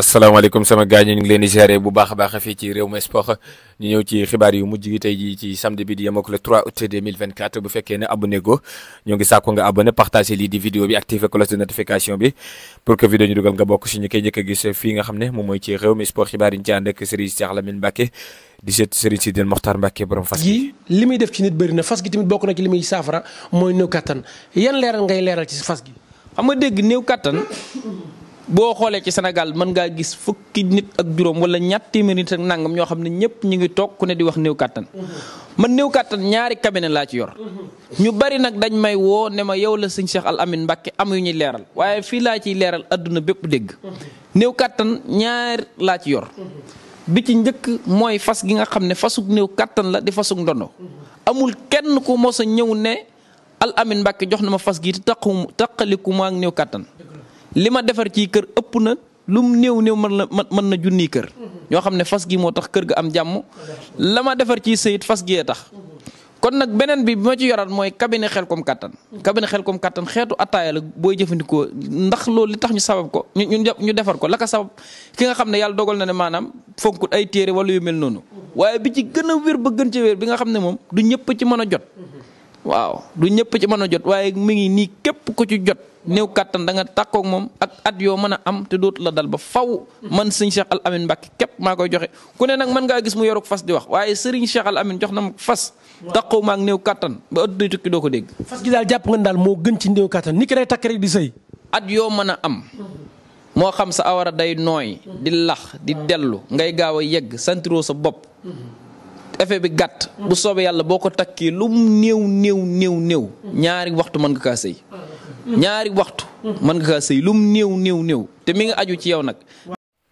asalaamaaleykum sama gaañu ñu ngi leen di gérer bu baax a baax fii ci réew mi sport ñu ñëw ci xibaar yu mujj gi jii ci samedi bi di yem ak le 3 août 2024 bu fekkee ne abonné go ñoo ngi sàkku nga abonné partagé lii di vidéo bi activé cloche de notification bi pour que vidéo ñu dugal nga bokk si ñu koy njëkk a gis fii nga xam ne moom mooy ci réew mi sport xibaar yi ñu ci ànd ak Serigne Cheikh Lamine Mbacke di seet Serigne Sidy Mokhtar Mbacke boo xoolee ci senegal mën ngaa gis fukki nit ak juróom wala ñatt téeméeri nit ak nangam ñoo xam ne ñëpp ñu ngi toog ku ne di wax néew kàttan man néew kàttan ñaari cabinet laa ci yor ñu bari nag dañ may woo ne ma yow la sëñ Cheikh Al Amine Mbacke am yu ñuy leeral waaye fii laa ciy leeral àdduna bépp dégg néew kàttan ñaar laa ci yor bi ci njëkk mooy fas gi nga xam ne fasug néew kàttan la di fasug ndono amul kenn ku mos a ñëw ne Al Amine jox na ma fas gi te taqaliku ma néew kàttan li ma defar ci kër ëpp na lu mu néew néew mën na mën na junniy kër. ñoo xam ne fas gi moo tax kër ga am jàmm. la ma defar ci sëyit fas giyee tax. kon nag beneen bi bi ma ci yoraat mooy cabinet Xelcom Kattan. xel Xelcom Kattan xeetu attaaya la booy jëfandikoo ndax loolu li tax ñu sabab ko ñu ñu defar ko lakka ka sabab ki nga xam ne yàlla dogal na ne maanaam fonkut ay téere wala yu mel noonu. waaye bi ci gën a wér ba gën ci wér bi nga xam ne moom du ñëpp ci mën a jot. waaw du ñëpp mën a jot waaye mi ngi nii képp ko ci jot. néew kàttan da nga tàkkoog moom ak at yoo mën a am te dootu la dal ba faw man sëñ Cheikh Al Amin Mbacke képp maa koy joxe ku ne nag mën ngaa gis mu yoruk fas di wax waaye sëriñ Cheikh Al Amin jox na ma fas tàqoo maak néew kàttan ba ëtt day tukki doo ko dégg fas gi daal jàpp nga daal moo gën ci néew kàttan ni ki day takk rek di sëy at yoo mën a am moo xam sa awara day nooy di lax di dellu ngay gaaw a yegg santiroo sa bopp effet bi gàtt bu soobee yàlla boo ko takkee lu néew néew néew néew ñaari waxtu mën nga kaa sëy ñaari waxtu. Mm. mën nga kaa lum néew néew néew te mi nga aju ci yow nag.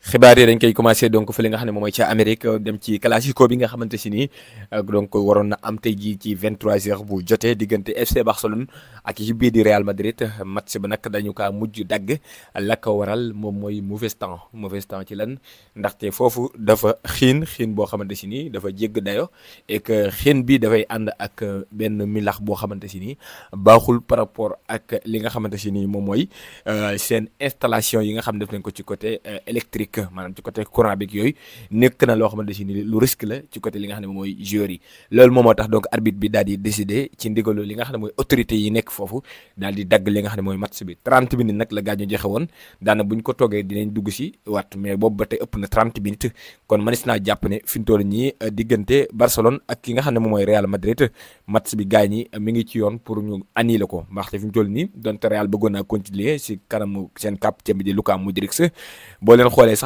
xibaar yi dañ koy commencé donc li nga xam ne moom mooy ca Amérique dem ci classico bi nga xamante si nii euh, donc waroon na am tey jii ci 23h bu jotee diggante FC Barcelone ak yi bii di Real Madrid match ba nag dañu kaa mujj dagg lakk waral moom mooy mauvais temps mauvais temps ci lan ndaxte foofu dafa xiin xiin boo xamante si nii dafa jégg dayo et xiin bi dafay ànd ak euh, benn milax boo xamante si nii baaxul par rapport ak li nga xamante si nii moom mooy euh, seen installation yi nga xam def nañ ko ci côté électrique. que maanaam ci côté courant bi ak yooyu nekk na loo xamante si ni lu risque la ci côté li nga xam mooy joueurs loolu moo tax donc arbitre bi daal di décider ci ndigalu li nga xam mooy autorité yi nekk foofu daal di dagg li nga xam mooy match bi 30 minutes nag la gaañu joxe woon daana buñ ko toogee dinañ dugg si waat mais boobu ba ëpp na 30 minutes kon mënees naa jàpp ne fi mu euh, diggante Barcelone ak ki nga xam ne mooy Real Madrid match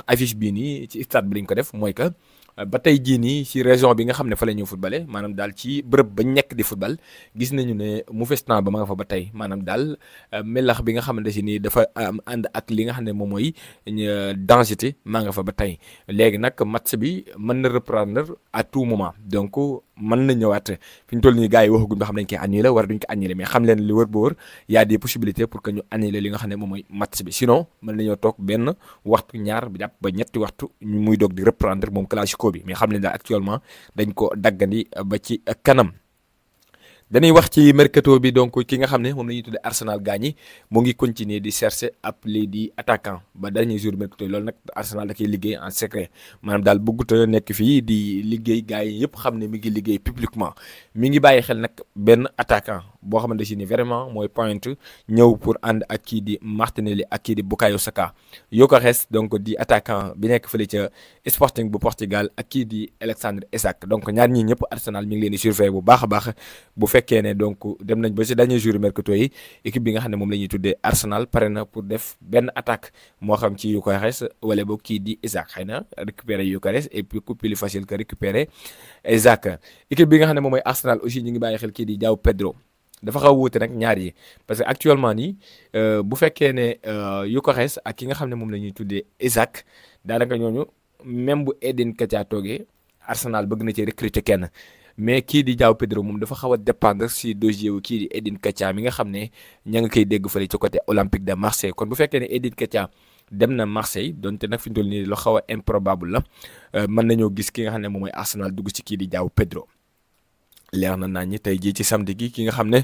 sax affiche bii nii ci stade bi lañ ko def mooy que euh, ba tey jii nii ci région bi nga xam ne fa la ñu footballé maanaam daal ci bërëb ba nekk di football gis nañu ne Moufestan ba ma nga fa ba tey maanaam daal euh, melax bi nga xamante si nii dafa ànd ak li nga xam ne moom mooy euh, densité maa nga fa ba tey léegi nag match bi mën na reprendre à tout moment donc. mën na ñëwaat fi ñu toll nii gars yi waxaguñ ba xam dañ koy war wala duñ ko annulé mais xam leen li wër ba wër y a des possibilités pour que ñu li nga xam ne moom mooy match bi sinon mën nañoo toog benn waxtu ñaar bi jàpp ba ñetti waxtu ñu muy doog di reprendre moom classico bi mais xam leen daal actuellement dañ ko daggandi ba ci kanam danuy wax ci mercato bi donc ki nga xam ne moom la ñuy tuddee Arsenal gaañi mu ngi continuer di chercher ab lii di attaquant ba dernier jour mercato loolu nag Arsenal da koy liggéey en secret maanaam daal bëggut a nekk fii di liggéey gars yi yëpp xam ne mi ngi liggéey publiquement mi ngi bàyyi xel nag benn attaquant. boo xamante si ni vraiment mooy point ñëw pour ànd ak kii di Martinelli ak kii di Bukayo Saka Gyökeres donc di attaquant bi nekk fële ca Sporting bu Portugal ak kii di Alexandre Isak donc ñaar ñii ñëpp Arsenal mi ngi leen di surveiller bu baax a baax bu fekkee ne donc dem nañ ba si dernier jour mercato yi équipe bi nga xam ne moom la ñuy tuddee Arsenal pare na pour def benn attaque moo xam ci Gyökeres wala boog kii di Isak xëy na récupérer Gyökeres et puis coup plus facile que xam ne moom mooy Arsenal aussi ñu ngi bàyyi xel kii di João Pedro dafa xaw a wuute nag ñaar yi parce que actuellement nii euh, bu fekkee ne xees euh, ak ki nga xam ne moom la ñuy tuddee Isaac daanaka ñooñu même bu Edin Ketia toogee Arsenal bëgg na ci recruter kenn mais kii di João Pedro moom dafa xaw a dépendre si dossier wu kii di Edin Ketia mi nga xam ne ña nga koy dégg fële ci côté Olympique de Marseille kon bu fekkee ne Edin kecca dem na Marseille donte nag fi ñu toll nii lu xaw a improbable la euh, mën nañoo gis ki nga xam ne moom mooy Arsenal dugg ci kii di João Pedro. leer na nañ ñi tey jii ci samedi gi ki nga xam ne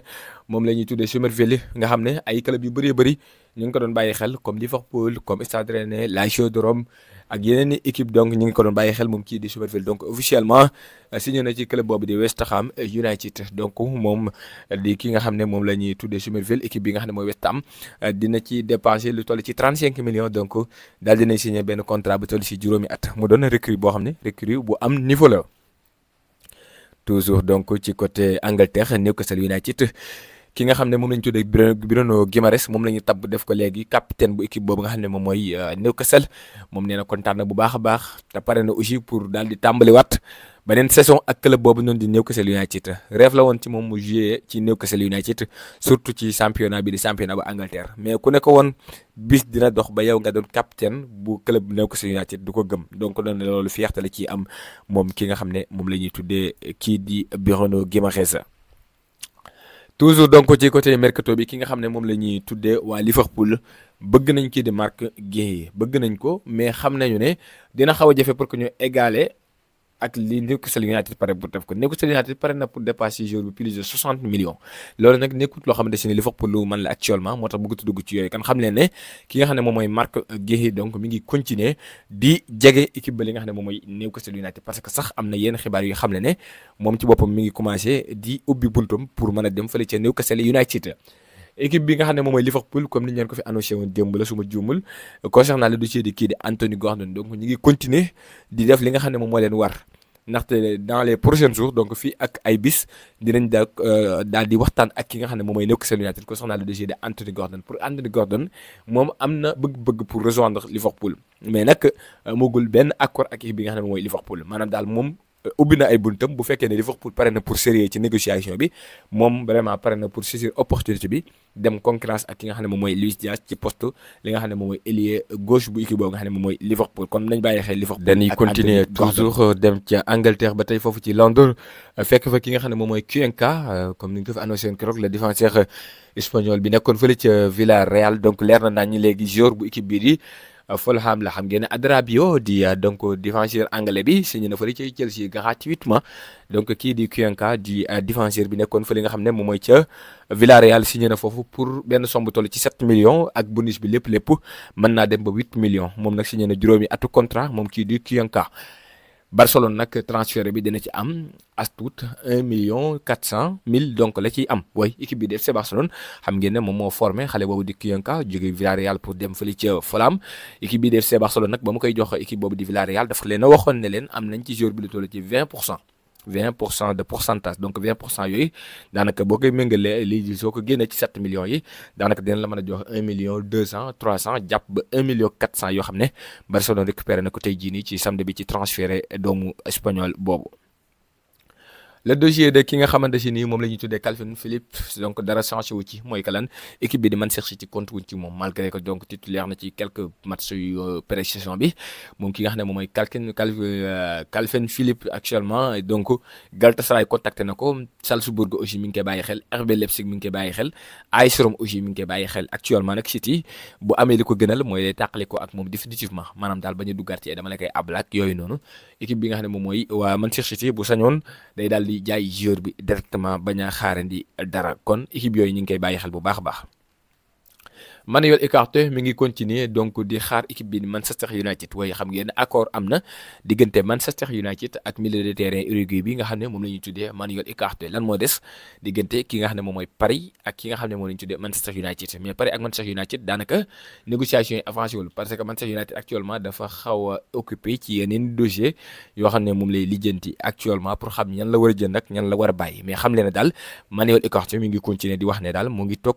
moom la ñuy tuddee Sommerville nga xam ne ay club yu bëree bëri ñu ngi ko doon bàyyi xel comme Liverpool comme Stade Rennais Lazio de Rome ak yeneen i ngi ko doon bàyyi xel moom kii di Sommerville donc officiellement euh, signé na ci club boobu di West Ham United donc moom di ki nga xam ne moom la ñuy tuddee Sommerville équipe bi nga xam ne mooy West Ham euh, dina ci dépenser lu toll ci 35 millions donc daal dinañ signé benn contrat bu toll si juróomi at mu doon recrue boo xam ne recrue bu am niveau la. toujours donc ci côté Angleterre Newcastle United ki nga xam ne moom la ñu tuddee Bruno Guimaraes moom la ñu tabb def ko léegi capitaine bu équipe boobu nga xam ne moom mooy euh, moom nee kontaan na bu baax a baax te pare na pour daal di tàmbaliwaat beneen saison ak boobu noonu di Newcastle United rêve la woon ci moom mu joué ci Newcastle United surtout ci championnat bi di championnat bu Angleterre mais ku ne ko woon bis dina dox ba yow nga doon capitaine bu club Newcastle United du ko gëm donc doon loolu fierté la ciy am moom ki nga xam ne moom la ñuy tuddee kii di Bruno Guimaraes toujours donc ci côté mercato bi ki nga xam ne moom lañuy ñuy tuddee waa Liverpool bëgg nañ kii di Marc Guéhi bëgg nañ ko mais xam nañu ne dina xaw a jafe pour que ñu égaler ak li Newcastle United pare pour def ko Newcastle United pare na pour dépasser jour bi plus de 60 millions loolu nag nekkut loo xamante ne Liverpool lu mën la actuellement moo tax bëggut a dugg ci yooyu kan xam leen ne ki nga xam ne moom mooy Marc Guéhi donc mi United parce que sax am na yenn xibaar yu xam ne ne moom ci boppam mi ngi commencé di ubbi buntum pour mën a dem fële ca Newcastle United équipe bi nga xam ne moom mooy Liverpool comme ni ñu leen ko fi annoncé woon démb la su ma juumul concernant le de kii di Anthony Gordon donc ñu ngi continuer di def li nga xam ne moom moo leen war ndaxte dans les prochains jours donc fii ak ay bis dinañ daal euh, daal di waxtaan ak ki nga xam ne moom mooy Newcastle United concernant le dossier de Anthony Gordon pour Anthony Gordon moom am na bëgg-bëgg pour rejoindre Liverpool mais nag benn accord ak équipe nga xam mooy Liverpool maanaam daal moom. Euh, ubbi na ay buntam bu fekkee ne di wax pour pare na pour sérieux ci négociation bi moom vraiment pare na pour saisir opportunité bi dem concurrence ak ki nga xam ne moom mooy Luis Diaz nga xam ne moom mooy ailier gauche bu équipe boobu nga xam ne moom mooy Liverpool kon nañ bàyyi xel Liverpool. dañuy continuer toujours euh, dem ca Angleterre ba tey foofu ci London euh, fekk fa ki nga xam ne moom mooy Cuenca comme ni ñu ko fa annoncé woon keroog défenseur espagnol bi nekkoon fële ca Villarreal donc leer na naa ñi léegi joueur bu équipe bii di. Fulham la xam ngeen Adrabio di euh, donc défenseur anglais bi signé na fële ca Chelsea gratuitement donc kii di Cuenca di euh, défenseur bi nekkoon fële nga xam ne moom mooy ca Villarreal signé ne foofu pour benn somb toll ci 7 million ak bonus bi lépp lépp mën naa dem ba 8 million moom nag signé na juróomi atu contrat moom kii di Cuenca. Barcelone nag transfert bi dina ci am as tuut un million quatre cent mille donc la ci am waaye équipe bi di FC Barcelone xam ngeen ne moom moo formé xale boobu di Cuenca jóge Villarreal pour dem fële ca Fulham équipe bi di FC Barcelone nag ba mu koy jox équipe boobu di Villarreal daf leen a waxoon ne leen am nañ ci joueur bi lu ci vingt pour cent. vingt pour cent de pourcentage donc vingt pour cent yooyu daanaka boo koy méngalee li soo ko génnee ci sept millions yi daanaka dina la mën a jox un million deux cent trois cent jàpp ba un million quatre cent yoo xam ne Barcelone récupéré na ko tey jii nii ci samedi bi ci transféré doomu espagnol boobu. le dossier de ki nga xamante si nii moom la ñuy tuddee Calvin Phillips donc dara changé wu ci mooy que lan bi di Manchester City compte ci moom malgré que donc titulaire na ci quelques matchs yu euh, bi moom ki nga xam ne mooy Calvin euh, Calvin actuellement donc Galatasaray contacté na ko Salzbourg aussi mi bàyyi xel RB Leipzig mi bàyyi xel AS Rome aussi mi bàyyi xel actuellement nag City bu amee ko gënal mooy day tàqale ko ak moom définitivement a duggaat ci dama la koy ablaak di jaay joueur bi directement bañ a xaarandi dara kon équipe yooyu ñu ngi koy bàyyi xel bu baax a baax. Manuel Ugarte mi ngi continuer donc di xaar équipe bi Manchester United waaye xam ngeen accord am na diggante Manchester United ak milieu de terrain Uruguay bi nga xam ne moom la ñuy tuddee Manuel Ugarte lan moo des diggante ki nga xam ne moom mooy Paris ak ki nga xam ne moom la ñuy tuddee Manchester United mais Paris ak Manchester United daanaka négociation yoo xam ne moom lay lijjanti actuellement pour xam ñan la war a ñan la war a bàyyi mais xam leen daal Manuel Ugarte ngi continuer di wax ne daal mu ngi toog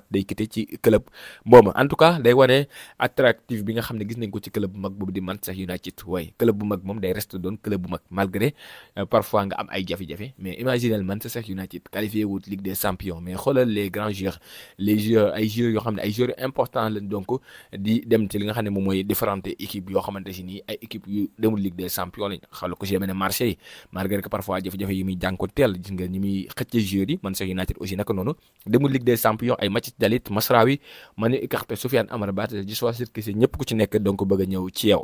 ñëwaat day quitté ci club boobu en tout cas day wane attractif bi nga xam ne gis nañ ko ci club bu mag boobu di Manchester United waaye club bu mag moom day reste doon club bu mag malgré euh, parfois nga am ay jafe-jafe mais imaginez Manchester United qualifié wut Ligue des Champions mais xoolal les grands joueurs les joueurs ay joueurs yoo xam ne ay joueurs importants lañ donc di dem ci li nga xam ne moom mooy différentes équipes yoo xamante si nii ay équipes yu demul Ligue des lañ xoolal ko si yeneen marché malgré ci dalit masrawi man i kaxpe Sufyaan Amar Baate ji soi sirkisi ñëpp ku ci nekk donc bëgg a ñëw ci yow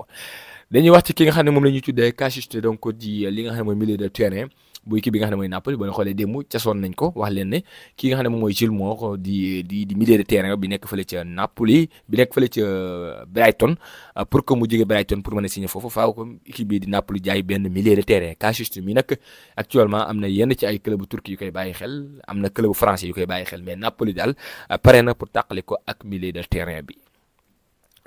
dañuy wax ci ki nga xam ne moom la ñuy tuddee Cassius Tou donc di li nga xam mooy milieu de terrain bu équipe bi nga xam ne mooy Napoli boo leen xoolee démb casoon nañ ko wax leen ne ki nga xam ne moom mooy Gilles Mour di di di milieu de terrain bi nekk fële ca Napoli bi nekk fële ca euh, Brighton euh, pour que mu jóge Brighton pour mën a signé foofu faaw ko équipe bi di Napoli jaay benn milieu de terrain Cassius mi nag actuellement am na yenn ci ay club turki yu koy bàyyi xel am na club français yu koy bàyyi xel mais Napoli daal euh, pare na pour tàqali ko ak milieu de terrain bi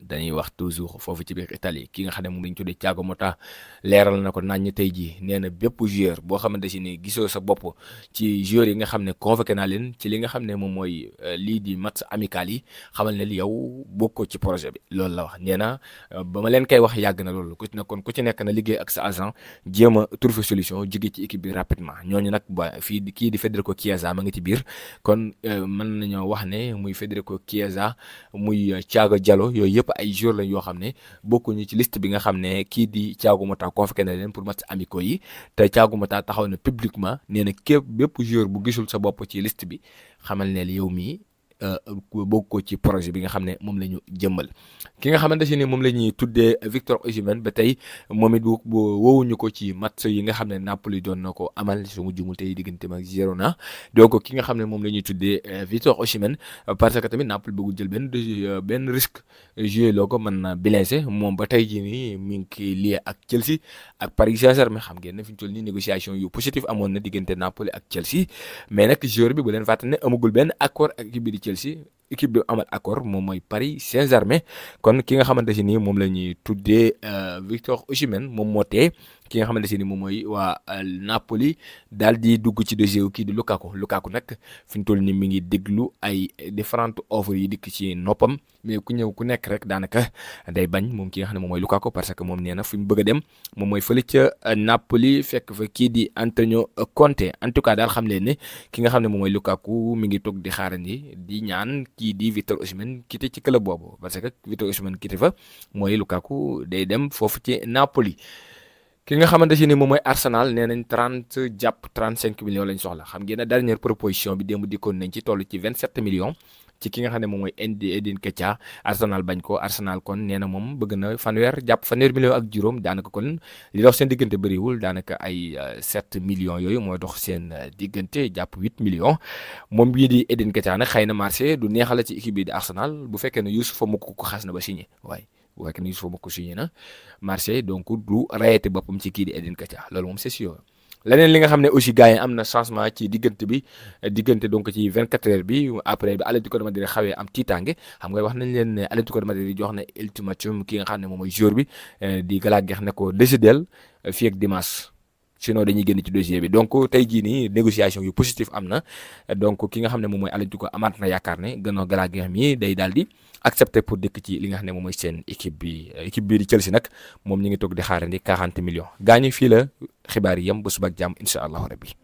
dañuy wax toujours foofu ci biir Italie ki nga xam ne moom lañ tuddee Thiago Motta leeral na ko naan ñi tey jii nee na bépp joueur boo xamante si ni gisoo sa bopp ci joueur yi nga xam ne convoqué naa leen ci li nga xam ne moom mooy euh, lii di match amical yi xamal ne li yow bokkoo ci projet bi loolu la wax nee na euh, ba ma leen koy wax yàgg na loolu ku ci ne ku ci nekk na liggéey ak sa agent jéem a trouver solution jóge ci équipe bi rapidement ñooñu nag ba fii kii di ko Federico Chiesa ma ngi ci biir kon euh, man nañoo wax ne muy Federico Chiesa muy Thiago Diallo yooyu yëpp yëpp ay joueurs lañ yoo xam ne bokkuñu ci liste bi nga xam ne kii di Thiago Motta convoqué na leen pour match amicaux yi te caagumataa taxaw na publiquement nee na képp bépp joueur bu gisul sa bopp ci list bi xamal ne yow mii Euh, euh, bokk ko ci projet bi nga xam ne moom la ñu jëmmal ki nga xamante si ni moom la ñuy tuddee Victor Osimhen ba tey moom it bu woowuñu ko ci match yi nga xam ne Napoli doon na ko amal su mu jumul tey digganteem ak Girona ki nga xam ne moom la ñuy tuddee euh, Victor Osimhen parce que tamit Napoli bëggul jël benn benn risque joué loo ko mën na blessé moom ba tey ji nii mi ngi koy lié ak Chelsea ak Paris Saint-Germain xam ngeen ne fi ñu toll nii négociation yu positif amoon na diggante Napoli ak Chelsea mais nag joueur bi bu leen fàttali ne amagul benn accord ak bi di Chelsea équipe de amal accord moom mooy Paris Saint-Germain kon ki nga xamante si nii moom la ñuy tuddee euh, Victor Osimhen moom moo ki nga xamante ne moom mooy waa euh, Napoli daal di dugg ci dossier kii di Lukaku lukaaku nag fi ñu toll nii mi ngi déglu ay différentes offres yi dikk ci noppam mais ku ñëw ku nekk rek daanaka day bañ moom ki nga xam ne moom mooy Lukaku parce que moom nee na fi mu bëgg a moom mooy fële ca euh, Napoli fekk kii di Antonio Conte en tout cas daal xam leen ne ki xam ne moom mooy Lukaku mi ngi toog di xaarandi di ñaan kii di Victor Osimhen quitté ci club boobu parce que Victor Osimhen quitté fa mooy lukaaku day dem foofu ci Napoli. ki nga xamante si ni moom mooy Arsenal nee nañ trente jàpp trente cinq millions lañ soxla xam ngeen ne dernière proposition bi démb dikkoon nañ ci toll ci vingt sept millions. ci ki nga xam ne moom mooy indi bañ ko Arsenal kon nee na moom bëgg na fanweer jàpp fanweer million ak juróom daanaka kon li dox seen diggante bëriwul daanaka ay 7 euh, million yooyu mooy dox seen euh, diggante jàpp 8 million moom bii di Edin Ketia nag xëy na marché du neexala ci équipe bi Arsenal bu fekkee ne Youssoupha Moukoko xas na ba signé waaye. waaye ni suma ko signé na marché donc du rayete boppam ci kii di Edin Ketia loolu moom c'est sûr leneen li nga xam ne aussi gars yi am na changement ci diggante bi diggante donc ci 24 heures bi après bi Atlético de Madrid xawee am tiitaange xam nga wax nañ leen ne Atlético de Madrid jox na ultimatum ki nga xam ne moom mooy jour bi eh, di Galactico ne ko décider eh, fii ak dimanche. sinon dañuy génn ci dossier bi donc tey jii nii négociation yu positif am na donc ki nga xam ne moom mooy Aliou Dicko amaat na yaakaar ne gannaaw Gala Gueye mi day daal di accepté pour dëkk ci li nga xam ne moom mooy seen équipe bi équipe bii di nag moom ñu ngi toog di xaarandi 40 millions gaañu fii la xibaar yi yem ba suba ak jàmm incha allahu rabbi